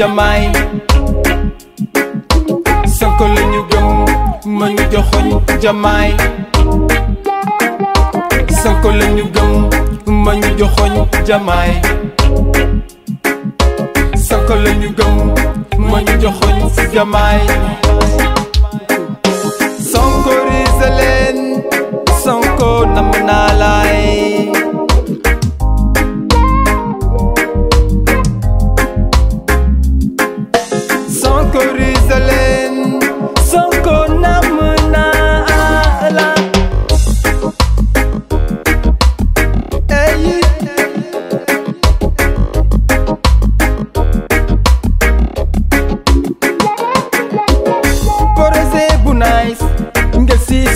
jamaay Sonko la gëm ma joxoñ jamaay Sonko la gëm joxoñ jamaay gëm joxoñ jamaay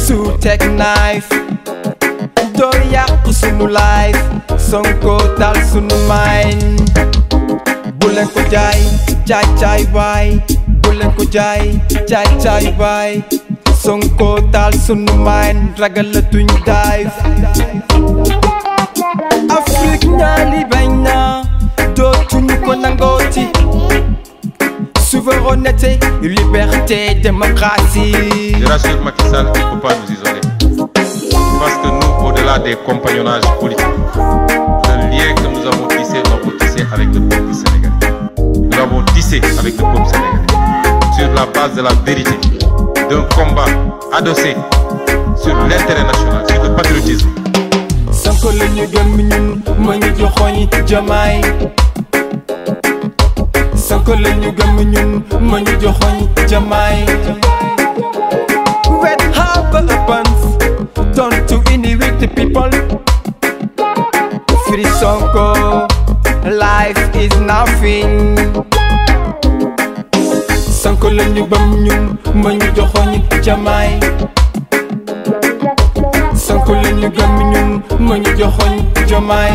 to take knife Don't yàq sunu life Sonko taal sunu mind bu leen ko jaay caay caay waay bu leen ko jaay caay caay waay Sonko taal sunu mind ragalatuñ dive Afrique ñaa liberté, démocratie. Je rassure Macky il ne faut pas nous isoler. Parce que nous, au-delà des compagnonnages politiques, le lien que nous avons tissé, nous avons tissé avec le peuple sénégalais. Nous l'avons tissé avec le peuple sénégalais. Sur la base de la vérité, d'un combat adossé sur l'intérêt national, sur le patriotisme. Sans ko lañu gëm ñun ma ñu joxoñ jamaay Red Harper Pants turn to indie with the people Free Sonko life is nothing Sonko lañu gëm ñun ma ñu joxoñ jamaay Sonko lañu gëm ñun ma ñu joxoñ jamaay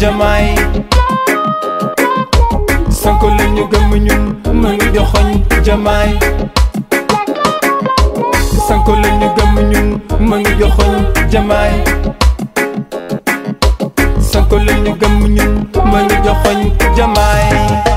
jamaay Sonko la ñu gëm ñun mu la ñu gëm ñun mu ngi joxoñ jamaay Sonko la ñu